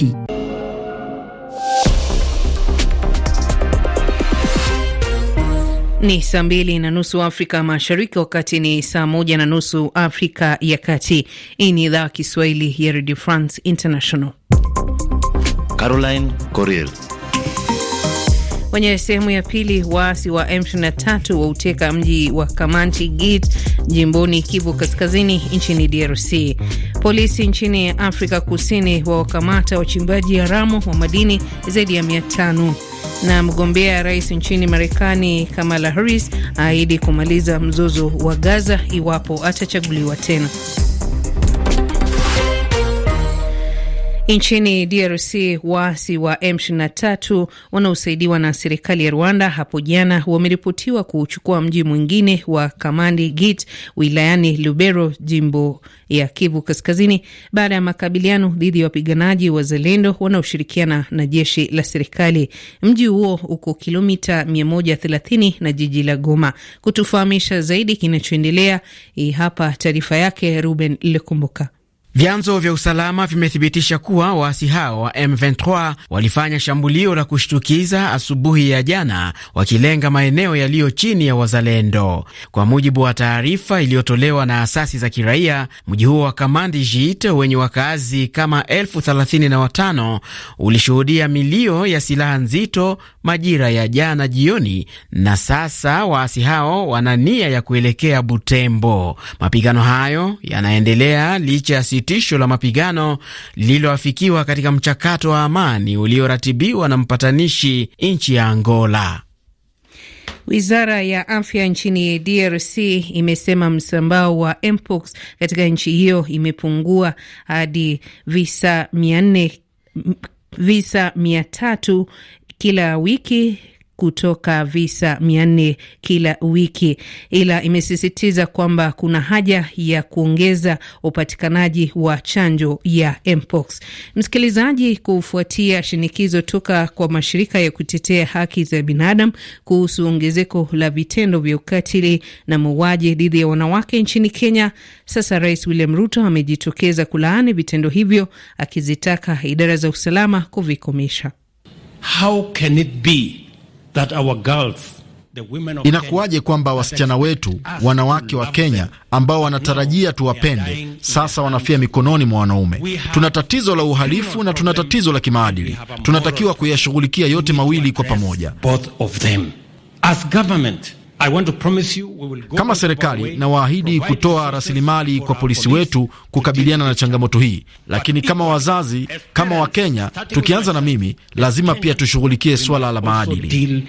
RFI. Ni saa mbili na nusu Afrika Mashariki, wakati ni saa moja na nusu Afrika ya Kati. Hii ni idhaa Kiswahili ya Radio France International. Caroline Corrier Kwenye sehemu ya pili, waasi wa M23 wauteka mji wa Kamanti Gate jimboni Kivu Kaskazini nchini DRC. Polisi nchini Afrika Kusini wawakamata wachimbaji haramu wa madini zaidi ya mia tano na mgombea rais nchini Marekani Kamala Harris aahidi kumaliza mzozo wa Gaza iwapo atachaguliwa tena. Nchini DRC waasi wa M23 wanaosaidiwa na serikali ya Rwanda hapo jana wameripotiwa kuchukua mji mwingine wa Kamandi Git wilayani Lubero, jimbo ya Kivu Kaskazini, baada ya makabiliano dhidi ya wapiganaji wa zalendo wanaoshirikiana na jeshi la serikali. Mji huo uko kilomita 130 na jiji la Goma. Kutufahamisha zaidi kinachoendelea, hapa taarifa yake Ruben Lekumbuka. Vyanzo vya usalama vimethibitisha kuwa waasi hao wa M23 walifanya shambulio la kushtukiza asubuhi ya jana, wakilenga maeneo yaliyo chini ya wazalendo. Kwa mujibu wa taarifa iliyotolewa na asasi za kiraia, mji huo wa Kamandi Jit wenye wakazi kama elfu thelathini na watano ulishuhudia milio ya silaha nzito majira ya jana jioni, na sasa waasi hao wana nia ya kuelekea Butembo. Mapigano hayo yanaendelea licha ya sitisho la mapigano lililoafikiwa katika mchakato wa amani ulioratibiwa na mpatanishi nchi ya Angola. Wizara ya afya nchini DRC imesema msambao wa mpox katika nchi hiyo imepungua hadi visa mia nne visa mia tatu kila wiki kutoka visa mia nne kila wiki, ila imesisitiza kwamba kuna haja ya kuongeza upatikanaji wa chanjo ya mpox. Msikilizaji, kufuatia shinikizo toka kwa mashirika ya kutetea haki za binadamu kuhusu ongezeko la vitendo vya ukatili na mauaji dhidi ya wanawake nchini Kenya, sasa Rais William Ruto amejitokeza kulaani vitendo hivyo, akizitaka idara za usalama kuvikomesha. How can it be Inakuwaje kwamba wasichana wetu, wanawake wa Kenya ambao wanatarajia tuwapende, sasa wanafia mikononi mwa wanaume? Tuna tatizo la uhalifu na tuna tatizo la kimaadili. Tunatakiwa kuyashughulikia yote mawili kwa pamoja. As government, kama serikali nawaahidi kutoa rasilimali kwa polisi wetu kukabiliana na changamoto hii, lakini kama wazazi, kama Wakenya, tukianza na mimi, lazima pia tushughulikie suala la maadili.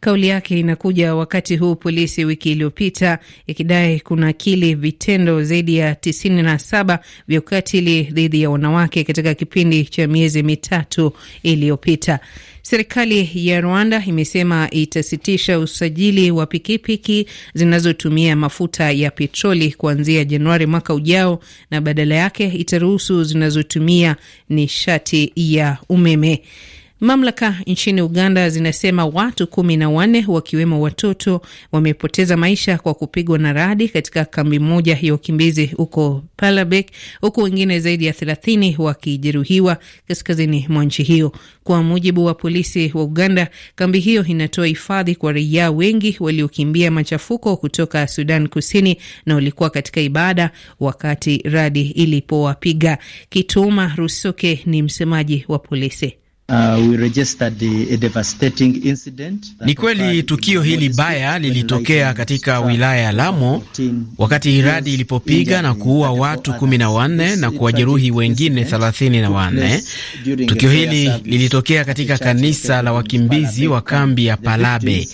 Kauli yake inakuja wakati huu polisi wiki iliyopita ikidai kuna kili vitendo zaidi ya tisini na saba vya ukatili dhidi ya wanawake katika kipindi cha miezi mitatu iliyopita. Serikali ya Rwanda imesema itasitisha usajili wa pikipiki zinazotumia mafuta ya petroli kuanzia Januari mwaka ujao na badala yake itaruhusu zinazotumia nishati ya umeme. Mamlaka nchini Uganda zinasema watu kumi na wanne wakiwemo watoto wamepoteza maisha kwa kupigwa na radi katika kambi moja ya wakimbizi huko Palabek, huku wengine zaidi ya thelathini wakijeruhiwa kaskazini mwa nchi hiyo. Kwa mujibu wa polisi wa Uganda, kambi hiyo inatoa hifadhi kwa raia wengi waliokimbia machafuko kutoka Sudan Kusini na walikuwa katika ibada wakati radi ilipowapiga. Kituma Rusoke ni msemaji wa polisi. Uh, we registered a devastating incident. Ni kweli tukio hili baya lilitokea katika wilaya ya Lamu wakati iradi ilipopiga na kuua watu kumi na wanne na kuwajeruhi wengine thelathini na wanne. Tukio hili lilitokea katika kanisa la wakimbizi wa kambi ya Palabe.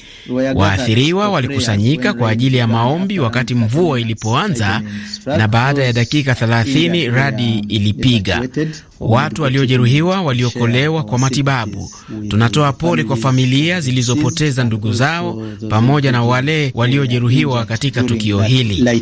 Waathiriwa walikusanyika kwa ajili ya maombi wakati mvua ilipoanza, na baada ya dakika thelathini radi ilipiga watu waliojeruhiwa waliokolewa kwa matibabu. Tunatoa pole kwa familia zilizopoteza ndugu zao pamoja na wale waliojeruhiwa katika tukio hili.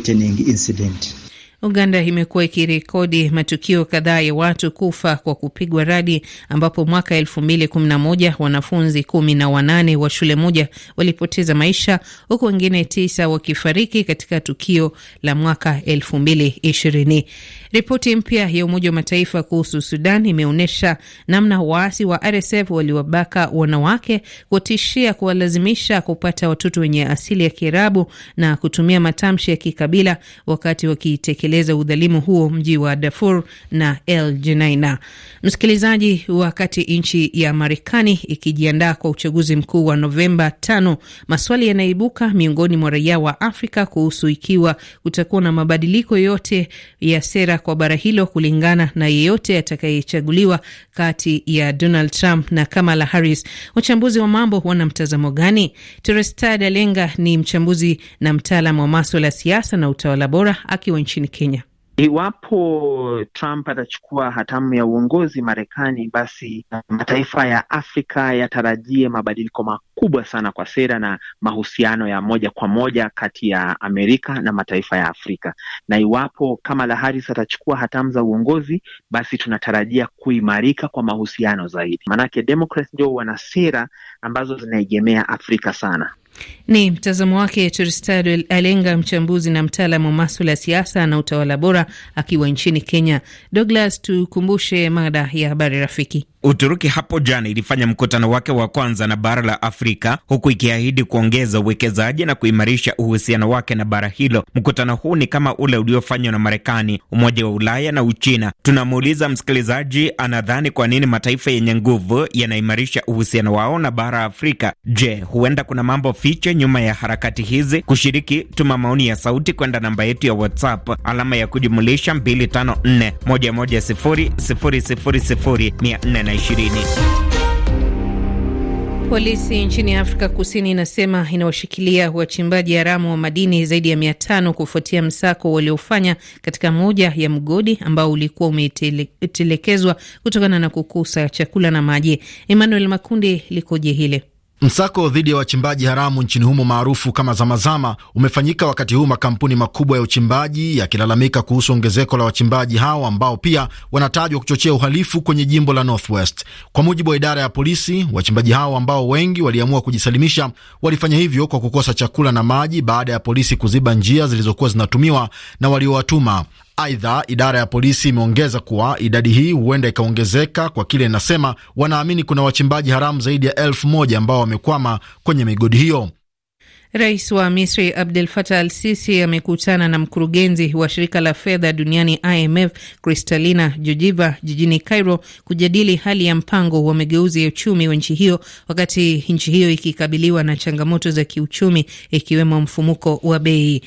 Uganda imekuwa ikirekodi matukio kadhaa ya watu kufa kwa kupigwa radi ambapo mwaka elfu mbili kumi na moja wanafunzi kumi na wanane wa shule moja walipoteza maisha huku wengine tisa wakifariki katika tukio la mwaka elfu mbili ishirini. Ripoti mpya ya Umoja wa Mataifa kuhusu Sudan imeonyesha namna waasi wa RSF waliwabaka wanawake, kutishia kuwalazimisha kupata watoto wenye asili ya Kiarabu na kutumia matamshi ya kikabila wakati wakitekeleza udhalimu huo mji wa Darfur na El Jenaina. Msikilizaji, wakati nchi ya Marekani ikijiandaa kwa uchaguzi mkuu wa Novemba 5, maswali yanaibuka miongoni mwa raia wa Afrika kuhusu ikiwa kutakuwa na mabadiliko yote ya sera kwa bara hilo kulingana na yeyote atakayechaguliwa kati ya Donald Trump na Kamala Harris. Wachambuzi wa mambo wana mtazamo gani? Teresta Dalenga ni mchambuzi na mtaalam wa maswala ya siasa na utawala bora akiwa nchini Kenya. Iwapo Trump atachukua hatamu ya uongozi Marekani, basi mataifa ya Afrika yatarajie mabadiliko makubwa sana kwa sera na mahusiano ya moja kwa moja kati ya Amerika na mataifa ya Afrika. Na iwapo Kamala Harris atachukua hatamu za uongozi, basi tunatarajia kuimarika kwa mahusiano zaidi, maanake Democrats ndio wana sera ambazo zinaegemea Afrika sana. Ni mtazamo wake Turistado Alenga, mchambuzi na mtaalamu wa maswala ya siasa na utawala bora, akiwa nchini Kenya. Douglas, tukumbushe mada ya habari rafiki. Uturuki hapo jana ilifanya mkutano wake wa kwanza na bara la Afrika huku ikiahidi kuongeza uwekezaji na kuimarisha uhusiano wake na bara hilo. Mkutano huu ni kama ule uliofanywa na Marekani, Umoja wa Ulaya na Uchina. Tunamuuliza msikilizaji, anadhani kwa nini mataifa yenye nguvu yanaimarisha uhusiano wao na bara Afrika? Je, huenda kuna mambo kujificha nyuma ya harakati hizi. Kushiriki, tuma maoni ya sauti kwenda namba yetu ya WhatsApp alama ya kujumulisha 254110000420. Polisi nchini Afrika Kusini inasema inawashikilia wachimbaji haramu wa madini zaidi ya mia tano kufuatia msako waliofanya katika moja ya mgodi ambao ulikuwa umetelekezwa kutokana na kukosa chakula na maji. Emmanuel Makundi, likoje hile? Msako dhidi ya wachimbaji haramu nchini humo maarufu kama Zamazama umefanyika wakati huu makampuni makubwa ya uchimbaji yakilalamika kuhusu ongezeko la wachimbaji hao ambao pia wanatajwa kuchochea uhalifu kwenye jimbo la Northwest. Kwa mujibu wa idara ya polisi, wachimbaji hao ambao wengi waliamua kujisalimisha walifanya hivyo kwa kukosa chakula na maji baada ya polisi kuziba njia zilizokuwa zinatumiwa na waliowatuma. Aidha, idara ya polisi imeongeza kuwa idadi hii huenda ikaongezeka kwa kile inasema wanaamini kuna wachimbaji haramu zaidi ya elfu moja ambao wamekwama kwenye migodi hiyo. Rais wa Misri Abdel Fattah Al Sisi amekutana na mkurugenzi wa shirika la fedha duniani IMF Kristalina Georgieva jijini Cairo kujadili hali ya mpango wa mageuzi ya uchumi wa nchi hiyo, wakati nchi hiyo ikikabiliwa na changamoto za kiuchumi ikiwemo mfumuko wa bei.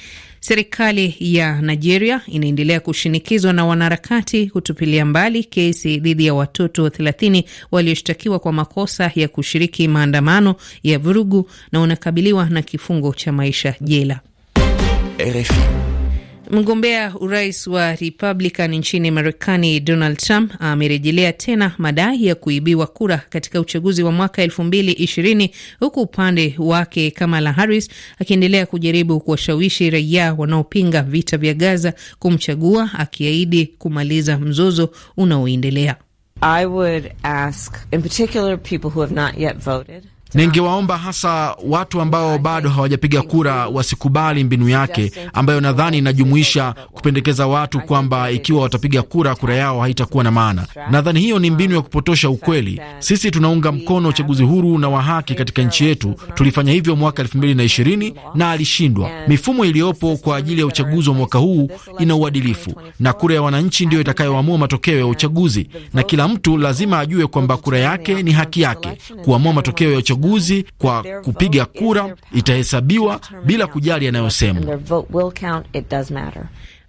Serikali ya Nigeria inaendelea kushinikizwa na wanaharakati kutupilia mbali kesi dhidi ya watoto 30 walioshtakiwa kwa makosa ya kushiriki maandamano ya vurugu na wanakabiliwa na kifungo cha maisha jela. RFI. Mgombea urais wa Republican nchini Marekani, Donald Trump amerejelea tena madai ya kuibiwa kura katika uchaguzi wa mwaka elfu mbili ishirini huku upande wake Kamala Harris akiendelea kujaribu kuwashawishi raia wanaopinga vita vya Gaza kumchagua, akiahidi kumaliza mzozo unaoendelea. Ningewaomba hasa watu ambao bado hawajapiga kura wasikubali mbinu yake ambayo nadhani inajumuisha kupendekeza watu kwamba ikiwa watapiga kura, kura yao haitakuwa na maana. Nadhani hiyo ni mbinu ya kupotosha ukweli. Sisi tunaunga mkono uchaguzi huru na wa haki katika nchi yetu. Tulifanya hivyo mwaka 2020 na alishindwa. Mifumo iliyopo kwa ajili ya uchaguzi wa mwaka huu ina uadilifu na kura ya wananchi ndiyo itakayoamua matokeo ya uchaguzi, na kila mtu lazima ajue kwamba kura yake ni haki yake kuamua matokeo ya uchaguzi uchaguzi kwa kupiga kura itahesabiwa bila kujali yanayosemwa.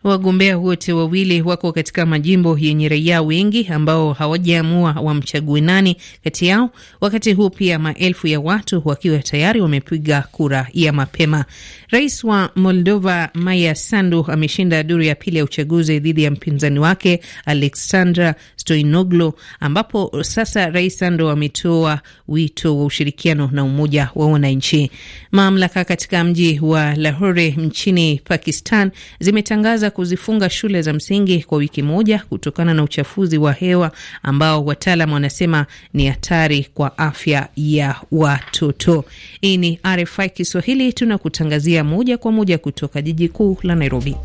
Wagombea wote wawili wako katika majimbo yenye raia wengi ambao hawajaamua wamchague nani kati yao, wakati huu pia maelfu ya watu wakiwa tayari wamepiga kura ya mapema. Rais wa Moldova Maya Sandu ameshinda duru ya pili ya uchaguzi dhidi ya mpinzani wake Alexandra Stoinoglo, ambapo sasa Rais Sandu ametoa wito wa ushirikiano na umoja wa wananchi. Mamlaka katika mji wa Lahore nchini Pakistan zimetangaza kutangaza kuzifunga shule za msingi kwa wiki moja kutokana na uchafuzi wa hewa ambao wataalam wanasema ni hatari kwa afya ya watoto. Hii ni RFI Kiswahili, tunakutangazia moja kwa moja kutoka jiji kuu la Nairobi.